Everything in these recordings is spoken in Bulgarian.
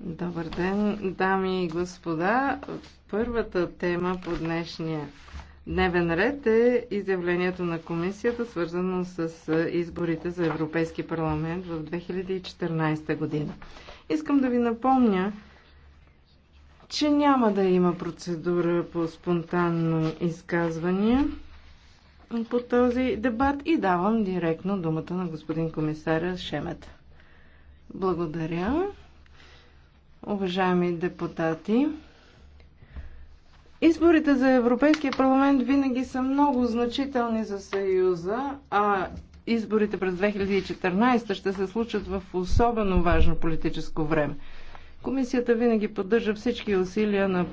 Добър ден, дами и господа. Първата тема по днешния дневен ред е изявлението на комисията, свързано с изборите за Европейски парламент в 2014 година. Искам да ви напомня, че няма да има процедура по спонтанно изказвания по този дебат и давам директно думата на господин комисаря Шемета. Благодаря. Уважаеми депутати, изборите за Европейския парламент винаги са много значителни за Съюза, а изборите през 2014 ще се случат в особено важно политическо време. Комисията винаги поддържа всички усилия на,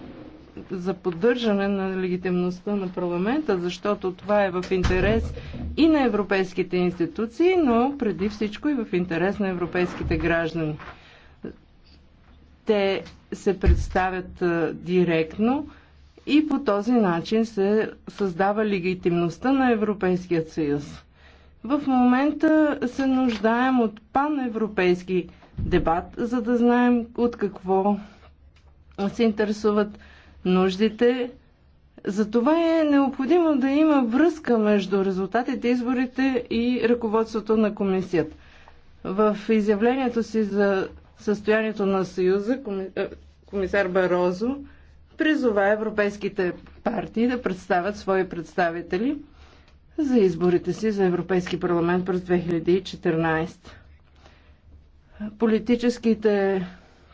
за поддържане на легитимността на парламента, защото това е в интерес и на европейските институции, но преди всичко и в интерес на европейските граждани. Те се представят директно и по този начин се създава легитимността на Европейският съюз. В момента се нуждаем от паневропейски дебат, за да знаем от какво се интересуват нуждите затова е необходимо да има връзка между резултатите, изборите и ръководството на комисията. В изявлението си за състоянието на Съюза, е, комисар Барозо призова европейските партии да представят свои представители за изборите си за Европейски парламент през 2014. Политическите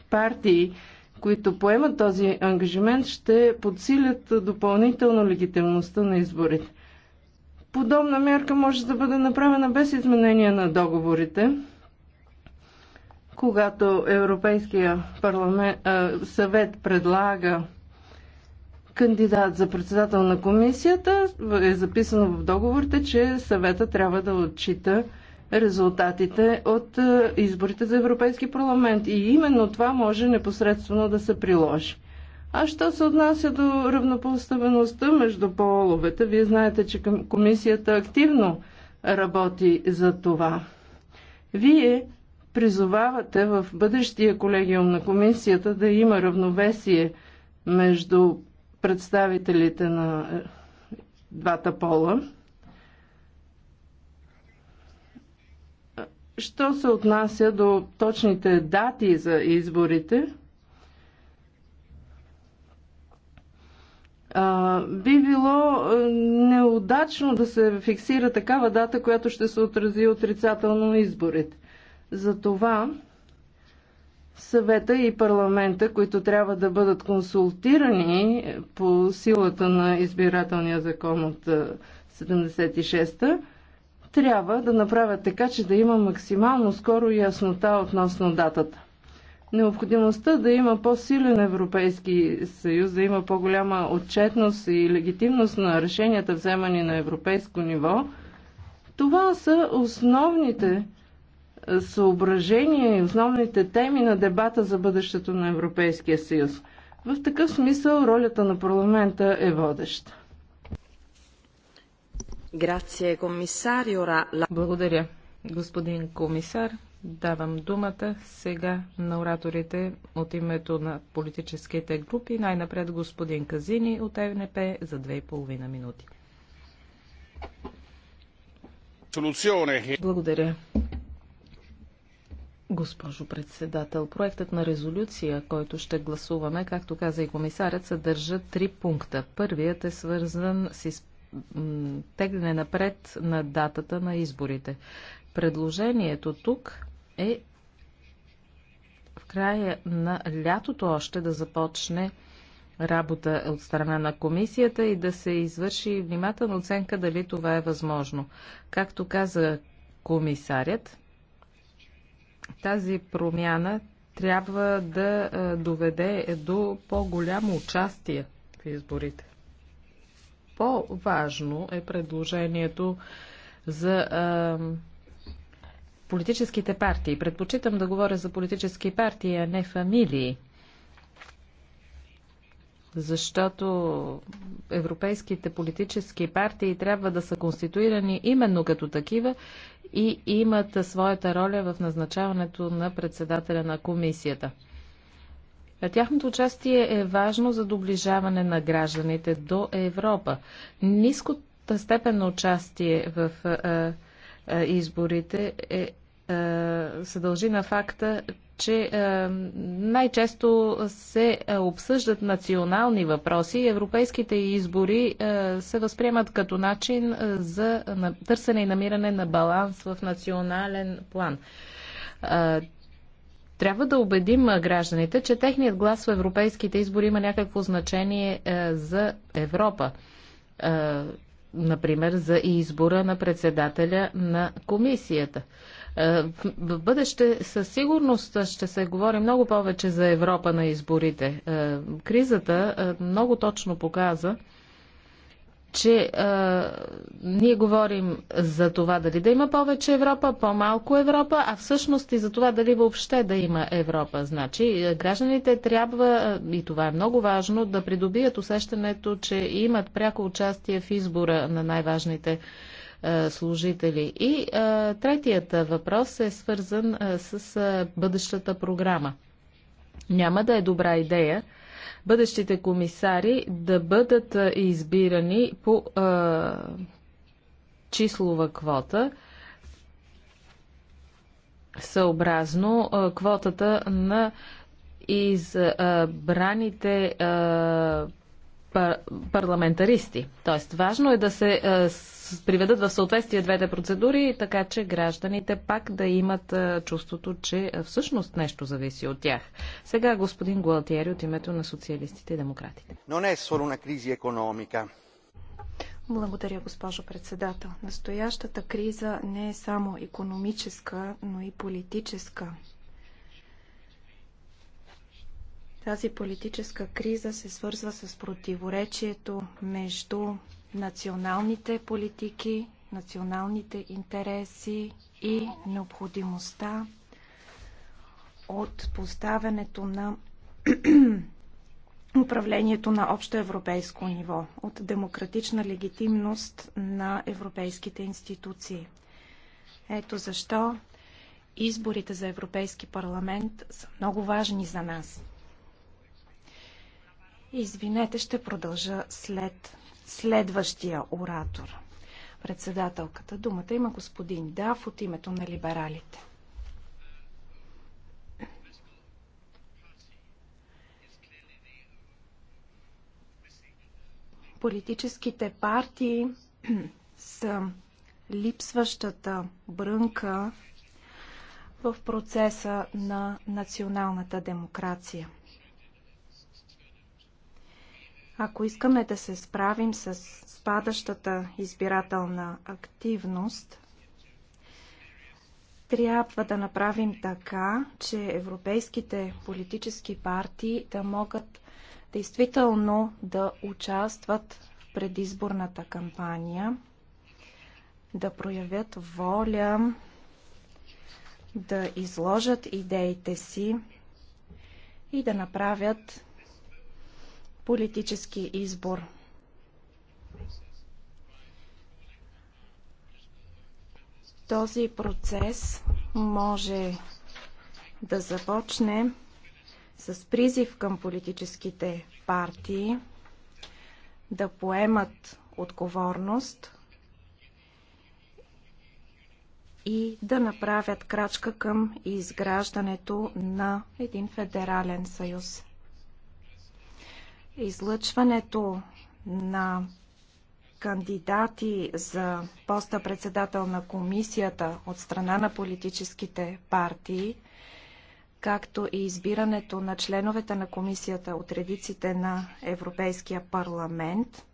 партии които поемат този ангажимент, ще подсилят допълнително легитимността на изборите. Подобна мярка може да бъде направена без изменение на договорите, когато Европейския парламент, съвет предлага кандидат за председател на комисията, е записано в договорите, че съвета трябва да отчита резултатите от е, изборите за Европейски парламент. И именно това може непосредствено да се приложи. А що се отнася до равнопоставеността между половете, вие знаете, че комисията активно работи за това. Вие призовавате в бъдещия колегиум на комисията да има равновесие между представителите на е, двата пола, Що се отнася до точните дати за изборите, би било неудачно да се фиксира такава дата, която ще се отрази отрицателно на изборите. Затова съвета и парламента, които трябва да бъдат консултирани по силата на избирателния закон от 76-та, трябва да направят така, че да има максимално скоро яснота относно датата. Необходимостта да има по-силен Европейски съюз, да има по-голяма отчетност и легитимност на решенията вземани на европейско ниво, това са основните съображения и основните теми на дебата за бъдещето на Европейския съюз. В такъв смисъл ролята на парламента е водеща. Благодаря, господин комисар. Давам думата сега на ораторите от името на политическите групи. Най-напред господин Казини от ЕНП за 2,5 минути. Благодаря. Госпожо председател, проектът на резолюция, който ще гласуваме, както каза и комисарят, съдържа три пункта. Първият е свързан с изпълнението тегляне напред на датата на изборите. Предложението тук е в края на лятото още да започне работа от страна на комисията и да се извърши внимателна оценка дали това е възможно. Както каза комисарят, тази промяна трябва да доведе до по-голямо участие в изборите по-важно е предложението за а, политическите партии. Предпочитам да говоря за политически партии, а не фамилии. Защото европейските политически партии трябва да са конституирани именно като такива и имат своята роля в назначаването на председателя на комисията. Тяхното участие е важно за доближаване на гражданите до Европа. Ниската степен на участие в а, а, изборите е, а, се дължи на факта, че най-често се обсъждат национални въпроси. Европейските избори се възприемат като начин за търсене и намиране на баланс в национален план трябва да убедим гражданите, че техният глас в европейските избори има някакво значение е, за Европа. Е, например, за избора на председателя на комисията. Е, в бъдеще със сигурност ще се говори много повече за Европа на изборите. Кризата много точно показа, че а, ние говорим за това дали да има повече Европа, по-малко Европа, а всъщност и за това дали въобще да има Европа. Значи гражданите трябва, и това е много важно, да придобият усещането, че имат пряко участие в избора на най-важните служители. И а, третият въпрос е свързан а, с а, бъдещата програма. Няма да е добра идея бъдещите комисари да бъдат избирани по а, числова квота съобразно а, квотата на избраните а, парламентаристи. Тоест, важно е да се а, приведат в съответствие двете процедури, така че гражданите пак да имат чувството, че всъщност нещо зависи от тях. Сега господин Гуалтиери от името на социалистите и демократите. Но не е solo на кризи економика. Благодаря, госпожо председател. Настоящата криза не е само економическа, но и политическа. Тази политическа криза се свързва с противоречието между националните политики, националните интереси и необходимостта от поставянето на управлението на общо европейско ниво, от демократична легитимност на европейските институции. Ето защо изборите за Европейски парламент са много важни за нас. Извинете, ще продължа след следващия оратор. Председателката думата има господин Дав от името на либералите. Политическите партии са липсващата брънка в процеса на националната демокрация. Ако искаме да се справим с спадащата избирателна активност, трябва да направим така, че европейските политически партии да могат действително да участват в предизборната кампания, да проявят воля, да изложат идеите си и да направят политически избор. Този процес може да започне с призив към политическите партии да поемат отговорност и да направят крачка към изграждането на един федерален съюз. Излъчването на кандидати за поста председател на комисията от страна на политическите партии, както и избирането на членовете на комисията от редиците на Европейския парламент,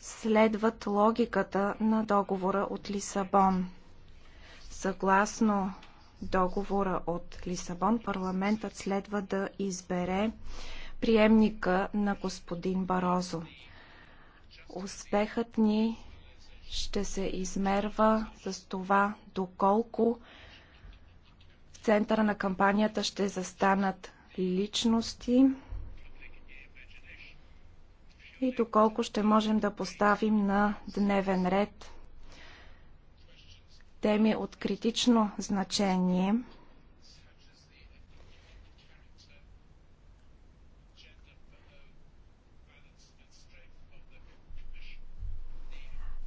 следват логиката на договора от Лисабон. Съгласно договора от Лисабон, парламентът следва да избере приемника на господин Барозо. Успехът ни ще се измерва с това доколко в центъра на кампанията ще застанат личности и доколко ще можем да поставим на дневен ред теми от критично значение –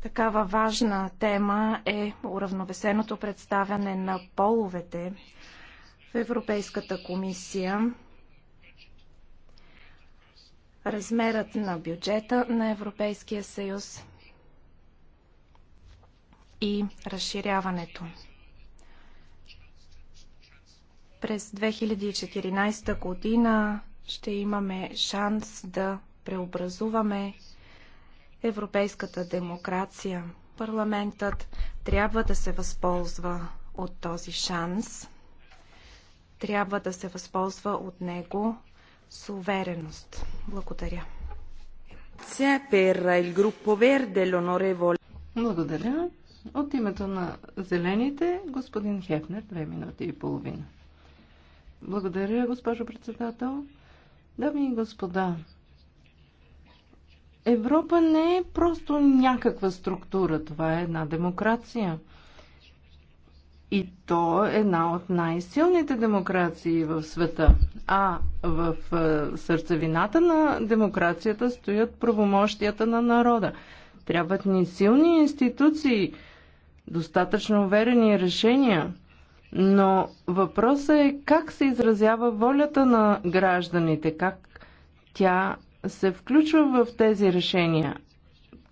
Такава важна тема е уравновесеното представяне на половете в Европейската комисия. Размерът на бюджета на Европейския съюз и разширяването. През 2014 година ще имаме шанс да преобразуваме европейската демокрация. Парламентът трябва да се възползва от този шанс. Трябва да се възползва от него с увереност. Благодаря. Благодаря. От името на Зелените, господин Хефнер, две минути и половина. Благодаря, госпожо председател. Дами и господа, Европа не е просто някаква структура, това е една демокрация. И то е една от най-силните демокрации в света. А в е, сърцевината на демокрацията стоят правомощията на народа. Трябват ни силни институции, достатъчно уверени решения, но въпросът е как се изразява волята на гражданите, как тя се включва в тези решения,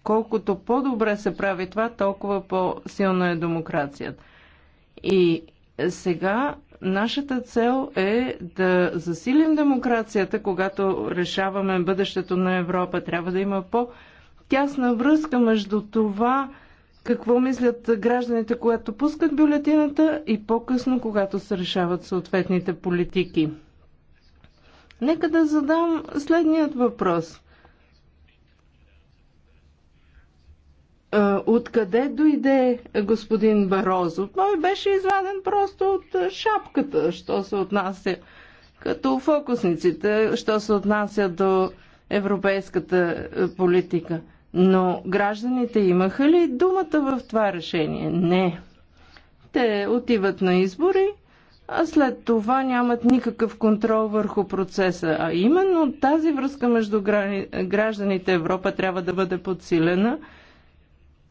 колкото по-добре се прави това, толкова по-силна е демокрацията. И сега нашата цел е да засилим демокрацията, когато решаваме бъдещето на Европа. Трябва да има по-тясна връзка между това, какво мислят гражданите, когато пускат бюлетината и по-късно, когато се решават съответните политики. Нека да задам следният въпрос. Откъде дойде господин Барозо? Той беше изваден просто от шапката, що се отнася като фокусниците, що се отнася до европейската е, политика. Но гражданите имаха ли думата в това решение? Не. Те отиват на избори а след това нямат никакъв контрол върху процеса. А именно тази връзка между гражданите Европа трябва да бъде подсилена.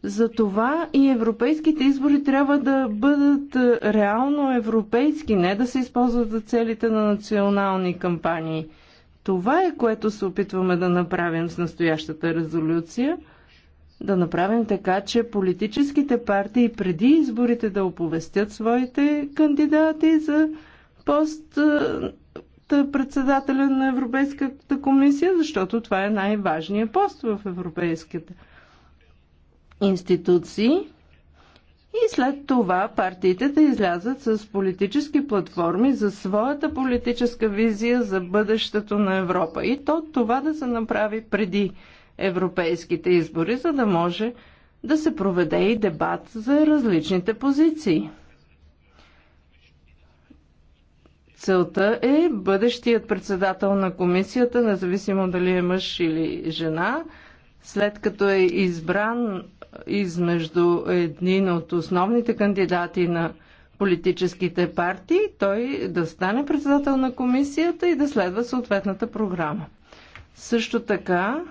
Затова и европейските избори трябва да бъдат е, реално европейски, не да се използват за целите на национални кампании. Това е което се опитваме да направим с настоящата резолюция – да направим така, че политическите партии преди изборите да оповестят своите кандидати за пост председателя на Европейската комисия, защото това е най-важният пост в европейските институции. И след това партиите да излязат с политически платформи за своята политическа визия за бъдещето на Европа. И то това да се направи преди европейските избори, за да може да се проведе и дебат за различните позиции. Целта е бъдещият председател на комисията, независимо дали е мъж или жена, след като е избран измежду един от основните кандидати на политическите партии, той да стане председател на комисията и да следва съответната програма. Също така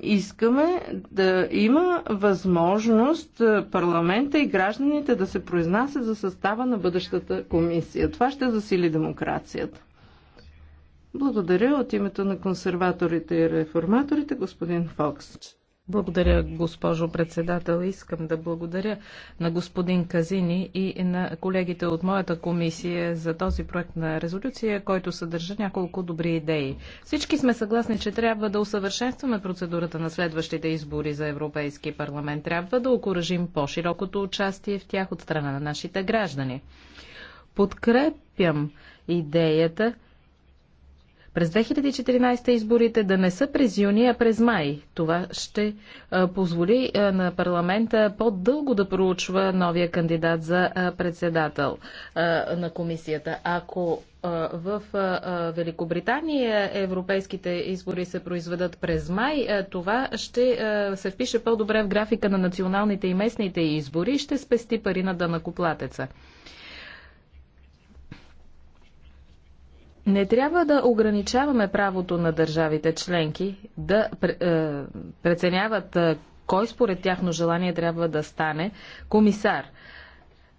искаме да има възможност е, парламента и гражданите да се произнасят за състава на бъдещата комисия. Това ще засили демокрацията. Благодаря от името на консерваторите и реформаторите, господин Фокс. Благодаря, госпожо председател. Искам да благодаря на господин Казини и на колегите от моята комисия за този проект на резолюция, който съдържа няколко добри идеи. Всички сме съгласни, че трябва да усъвършенстваме процедурата на следващите избори за Европейски парламент. Трябва да окоръжим по-широкото участие в тях от страна на нашите граждани. Подкрепям идеята през 2014 изборите да не са през юни, а през май. Това ще позволи на парламента по-дълго да проучва новия кандидат за председател на комисията. Ако в Великобритания европейските избори се произведат през май, това ще се впише по-добре в графика на националните и местните избори и ще спести пари на дънакоплатеца. Не трябва да ограничаваме правото на държавите членки да е, преценяват е, кой според тяхно желание трябва да стане комисар.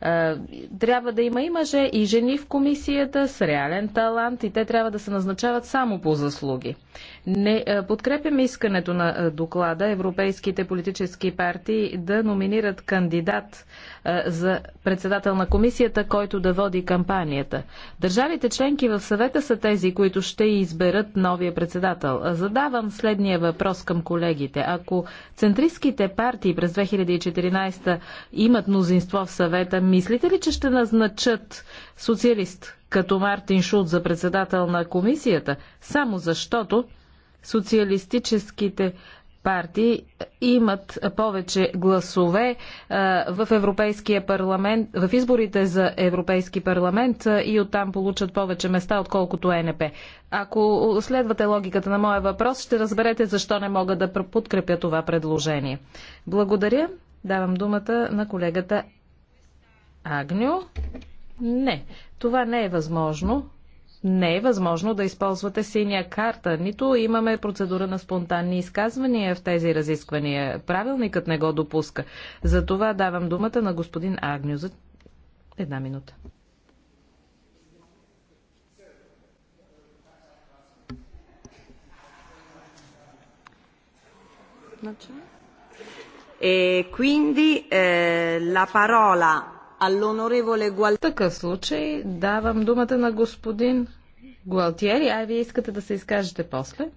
Е, трябва да има и мъже, и жени в комисията с реален талант и те трябва да се назначават само по заслуги. Не е, подкрепям искането на е, доклада европейските политически партии да номинират кандидат е, за председател на комисията, който да води кампанията. Държавите членки в съвета са тези, които ще изберат новия председател. Задавам следния въпрос към колегите. Ако центристските партии през 2014 имат мнозинство в съвета, мислите ли, че ще назначат социалист като Мартин Шулт за председател на комисията, само защото социалистическите партии имат повече гласове в Европейския парламент, в изборите за Европейски парламент и оттам получат повече места, отколкото ЕНП. Ако следвате логиката на моя въпрос, ще разберете защо не мога да подкрепя това предложение. Благодаря. Давам думата на колегата Агню. Не, това не е възможно не е възможно да използвате синя карта, нито имаме процедура на спонтанни изказвания в тези разисквания. Правилникът не го допуска. За това давам думата на господин Агню за една минута. E quindi eh, la parola такъв случай давам думата на господин Гуалтиери. А вие искате да се изкажете после?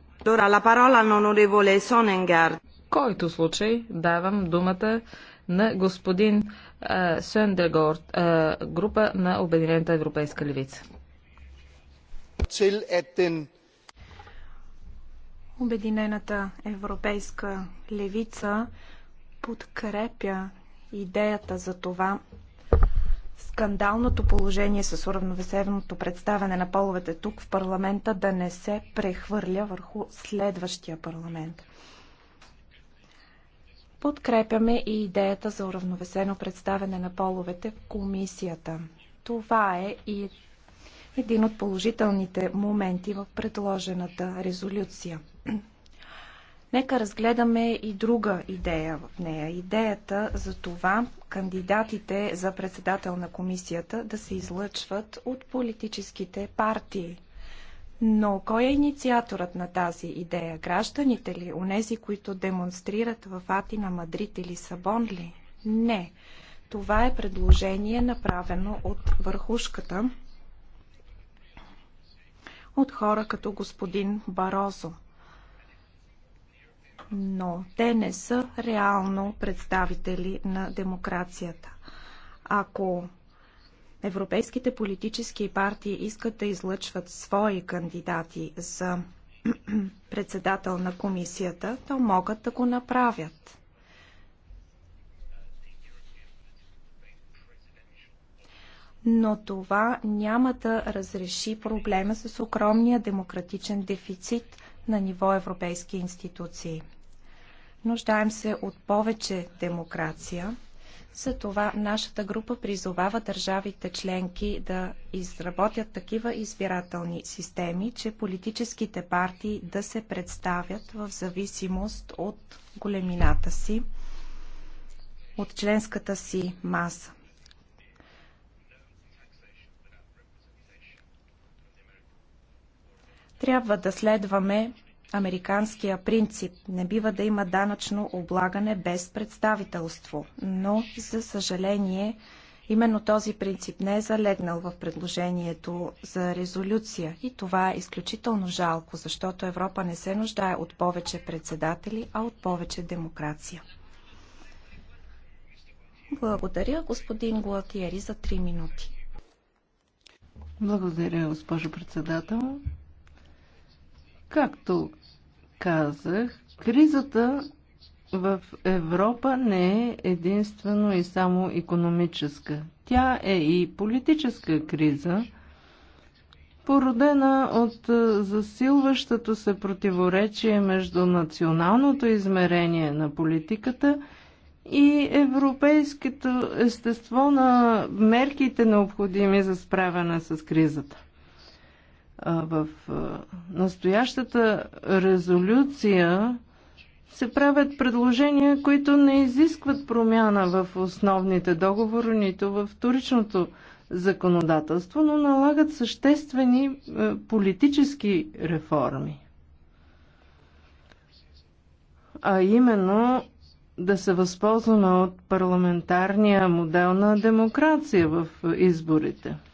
Който случай давам думата на господин uh, uh, група на Обединената европейска левица. Обединената европейска левица подкрепя идеята за това скандалното положение с уравновесеното представяне на половете тук в парламента да не се прехвърля върху следващия парламент. Подкрепяме и идеята за уравновесено представяне на половете в комисията. Това е и един от положителните моменти в предложената резолюция. Нека разгледаме и друга идея в нея. Идеята за това кандидатите за председател на комисията да се излъчват от политическите партии. Но кой е инициаторът на тази идея? Гражданите ли? Онези, които демонстрират в Атина, Мадрид или Сабон ли? Не. Това е предложение направено от върхушката, от хора като господин Барозо но те не са реално представители на демокрацията. Ако европейските политически партии искат да излъчват свои кандидати за председател на комисията, то могат да го направят. но това няма да разреши проблема с огромния демократичен дефицит на ниво европейски институции. Нуждаем се от повече демокрация. Затова нашата група призовава държавите членки да изработят такива избирателни системи, че политическите партии да се представят в зависимост от големината си, от членската си маса. Трябва да следваме американския принцип. Не бива да има данъчно облагане без представителство. Но, за съжаление, именно този принцип не е залегнал в предложението за резолюция. И това е изключително жалко, защото Европа не се нуждае от повече председатели, а от повече демокрация. Благодаря, господин Гуатиери, за 3 минути. Благодаря, госпожо председател. Както казах, кризата в Европа не е единствено и само економическа. Тя е и политическа криза, породена от засилващото се противоречие между националното измерение на политиката и европейското естество на мерките необходими за справяне с кризата. В настоящата резолюция се правят предложения, които не изискват промяна в основните договори, нито в вторичното законодателство, но налагат съществени политически реформи. А именно да се възползваме от парламентарния модел на демокрация в изборите –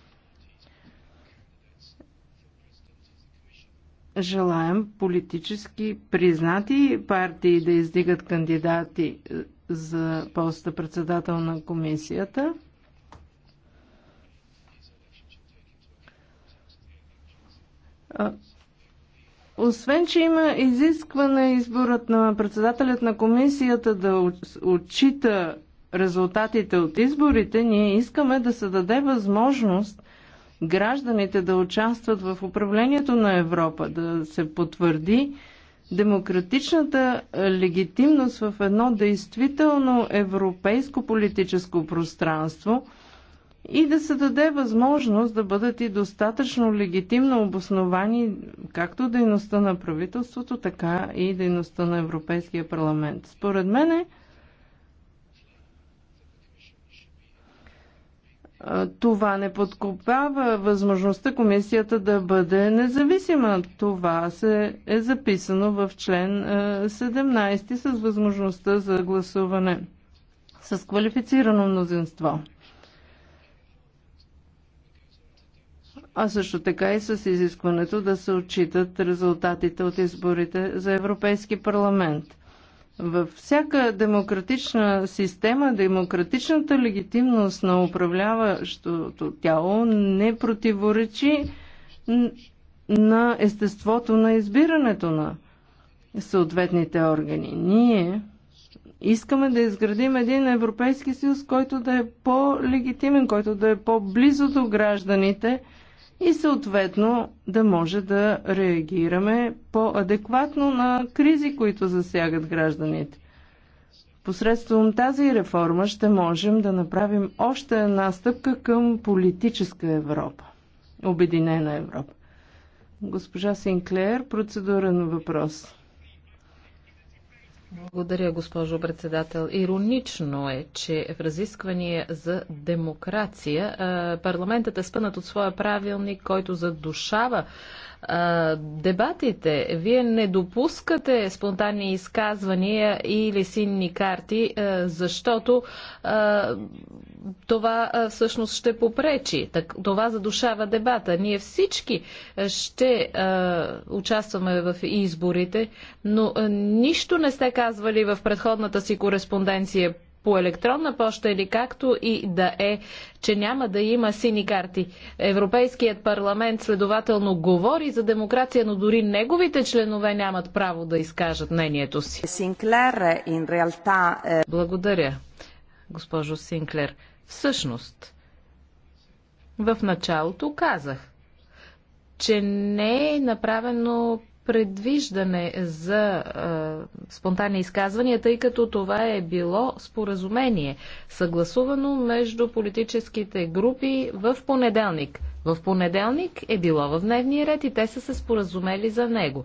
желаем политически признати партии да издигат кандидати е, за поста председател на комисията. Освен, че има изискване изборът на председателят на комисията да отчита резултатите от изборите, ние искаме да се даде възможност – гражданите да участват в управлението на Европа, да се потвърди демократичната легитимност в едно действително европейско политическо пространство и да се даде възможност да бъдат и достатъчно легитимно обосновани както дейността на правителството, така и дейността на Европейския парламент. Според мен е това не подкопава възможността комисията да бъде независима. Това се е записано в член 17 с възможността за гласуване с квалифицирано мнозинство. а също така и с изискването да се отчитат резултатите от изборите за Европейски парламент. Във всяка демократична система, демократичната легитимност на управляващото тяло не противоречи на естеството на избирането на съответните органи. Ние искаме да изградим един Европейски съюз, който да е по-легитимен, който да е по-близо до гражданите – и съответно да може да реагираме по-адекватно на кризи, които засягат гражданите. Посредством тази реформа ще можем да направим още една стъпка към политическа Европа, обединена Европа. Госпожа Синклер, процедурен въпрос. Благодаря, госпожо председател. Иронично е, че в разисквания за демокрация парламентът е спънат от своя правилник, който задушава а, дебатите. Вие не допускате спонтанни изказвания или синни карти, а, защото а, това а, всъщност ще попречи. Так, това задушава дебата. Ние всички ще а, участваме в изборите, но а, нищо не сте казвали в предходната си кореспонденция по електронна поща или както и да е, че няма да има сини карти. Европейският парламент следователно говори за демокрация, но дори неговите членове нямат право да изкажат мнението си. Синклер, реалта... Благодаря, госпожо Синклер. Всъщност, в началото казах, че не е направено предвиждане за а, спонтанни изказвания, тъй като това е било споразумение, съгласувано между политическите групи в понеделник. В понеделник е било в дневния ред и те са се споразумели за него.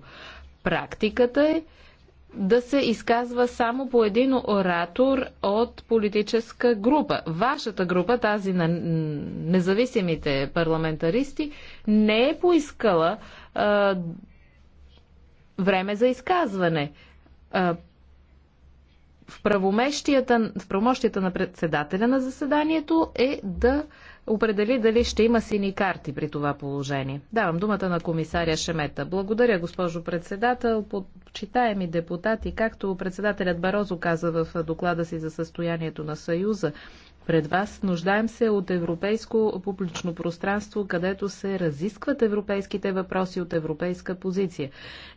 Практиката е да се изказва само по един оратор от политическа група. Вашата група, тази на независимите парламентаристи, не е поискала време за изказване. В правомощията, в правомощията на председателя на заседанието е да определи дали ще има сини карти при това положение. Давам думата на комисаря Шемета. Благодаря, госпожо председател. Почитаеми депутати, както председателят Барозо каза в доклада си за състоянието на Съюза, пред вас. Нуждаем се от европейско публично пространство, където се разискват европейските въпроси от европейска позиция.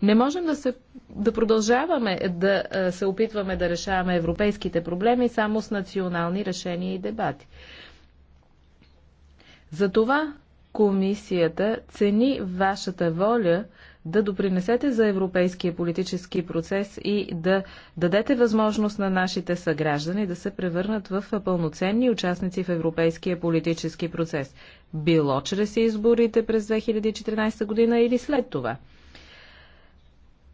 Не можем да, се, да продължаваме да се опитваме да решаваме европейските проблеми само с национални решения и дебати. Затова комисията цени вашата воля да допринесете за европейския политически процес и да дадете възможност на нашите съграждани да се превърнат в пълноценни участници в европейския политически процес, било чрез изборите през 2014 година или след това.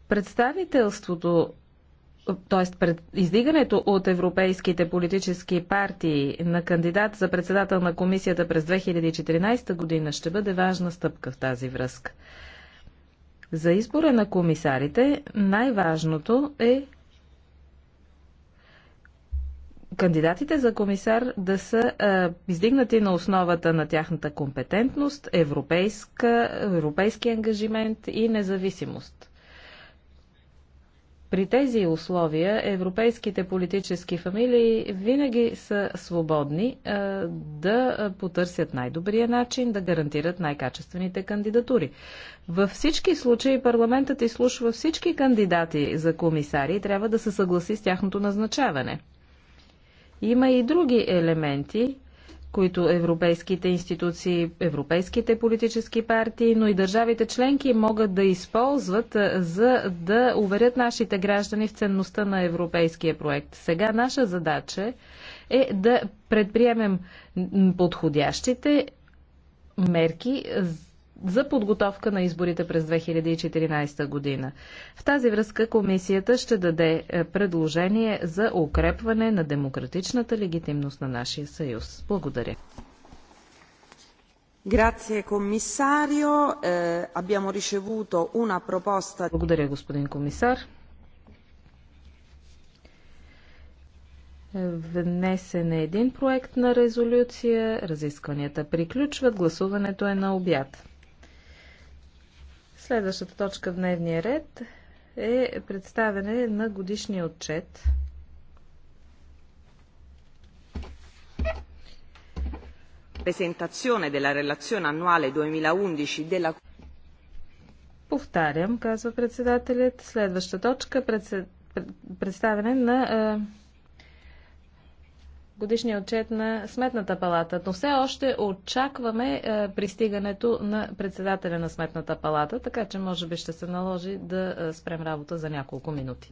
Представителството т.е. пред издигането от европейските политически партии на кандидат за председател на комисията през 2014 година ще бъде важна стъпка в тази връзка. За избора на комисарите най-важното е кандидатите за комисар да са а, издигнати на основата на тяхната компетентност, европейска, европейски ангажимент и независимост. При тези условия европейските политически фамилии винаги са свободни а, да потърсят най-добрия начин да гарантират най-качествените кандидатури. Във всички случаи парламентът изслушва всички кандидати за комисари и трябва да се съгласи с тяхното назначаване. Има и други елементи, които европейските институции, европейските политически партии, но и държавите членки могат да използват, за да уверят нашите граждани в ценността на европейския проект. Сега наша задача е да предприемем подходящите мерки за подготовка на изборите през 2014 година. В тази връзка комисията ще даде е, предложение за укрепване на демократичната легитимност на нашия съюз. Благодаря. Grazie commissario, eh, abbiamo ricevuto una proposta. Благодаря, господин комисар. Внесен е един проект на резолюция. Разискванията приключват. Гласуването е на обяд. Следващата точка в дневния ред е представяне на годишния отчет. Presentazione della relazione annuale 2011 della Повтарям, казва председателят. Следваща точка пред, представяне на е, годишния отчет на Сметната палата. Но все още очакваме е, пристигането на председателя на Сметната палата, така че може би ще се наложи да е, спрем работа за няколко минути.